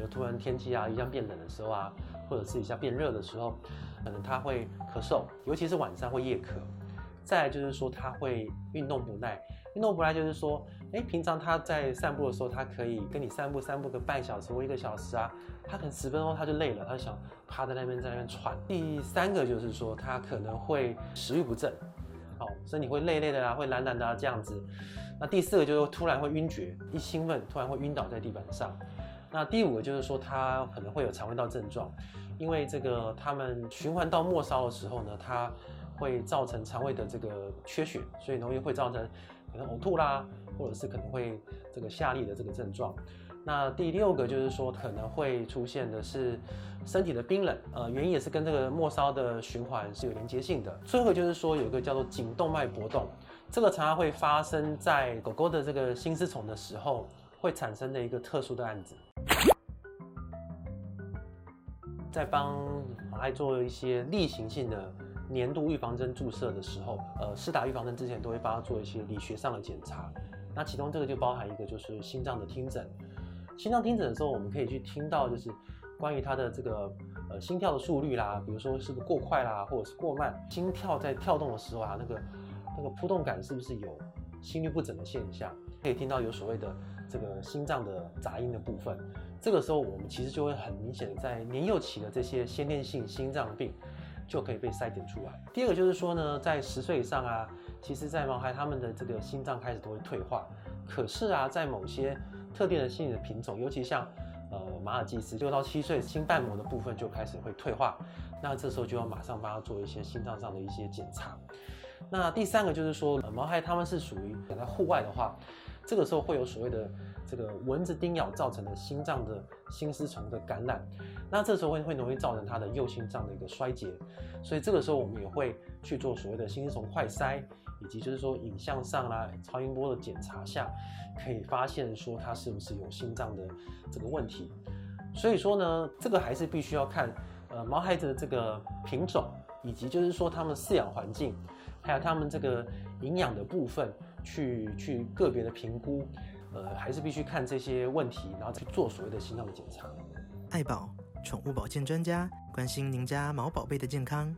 就突然天氣啊一下變冷的時候啊，或者是一下變熱的時候，可能他會咳嗽，尤其是晚上會夜咳。再就是說他會運動不耐，運動不耐就是說，哎、欸，平常他在散步的時候，他可以跟你散步散步個半小時或一個小時啊，他可能十分鐘他就累了，他就想趴在那邊在那邊喘。第三個就是說他可能會食慾不振，所以你會累累的啊，會懶懶的啊這樣子。那第四個就是突然會暈厥，一興奮突然會暈倒在地板上。那第五個就是說，它可能會有腸胃道症狀，因為這個它們循環到末梢的時候呢，它會造成腸胃的這個缺血，所以容易會造成可能嘔吐啦，或者是可能會這個下痢的這個症狀。那第六個就是說，可能會出現的是身體的冰冷，呃，原因也是跟這個末梢的循環是有連接性的。最後就是說，有一個叫做頸動脈搏動，這個常常會發生在狗狗的這個心絲蟲的時候會產生的一個特殊的案子。在幫毛孩做一些例行性的年度預防針注射的時候，呃，施打預防針之前都會幫他做一些理學上的檢查。那其中這個就包含一個就是心臟的聽診。心臟聽診的時候，我們可以去聽到就是關於他的這個呃心跳的速率啦，比如說是不是過快啦，或者是過慢。心跳在跳動的時候啊，那個那個撲動感是不是有？心律不整的現象，可以聽到有所謂的這個心臟的雜音的部分。這個時候，我們其實就會很明顯的在年幼期的這些先天性心臟病，就可以被篩檢出來。第二個就是說呢，在十歲以上啊，其實，在毛孩他們的這個心臟開始都會退化。可是啊，在某些特定的心理的品種，尤其像呃馬爾濟斯，六到七歲心瓣膜的部分就開始會退化。那這時候就要馬上幫他做一些心臟上的一些檢查。那第三個就是說，毛孩他們是屬於在戶外的話，這個時候會有所謂的這個蚊子叮咬造成的心臟的心絲蟲的感染，那這個時候會會容易造成他的右心臟的一個衰竭，所以這個時候我們也會去做所謂的心絲蟲快篩，以及就是說影像上啦、啊、超音波的檢查下，可以發現說他是不是有心臟的這個問題，所以說呢，這個還是必須要看呃毛孩子的這個品種，以及就是說他們飼養環境。還有他們這個營養的部分去，去去個別的評估，呃，還是必須看這些問題，然後再去做所謂的心臟的檢查。愛寶寵物保健專家，關心您家毛寶貝的健康。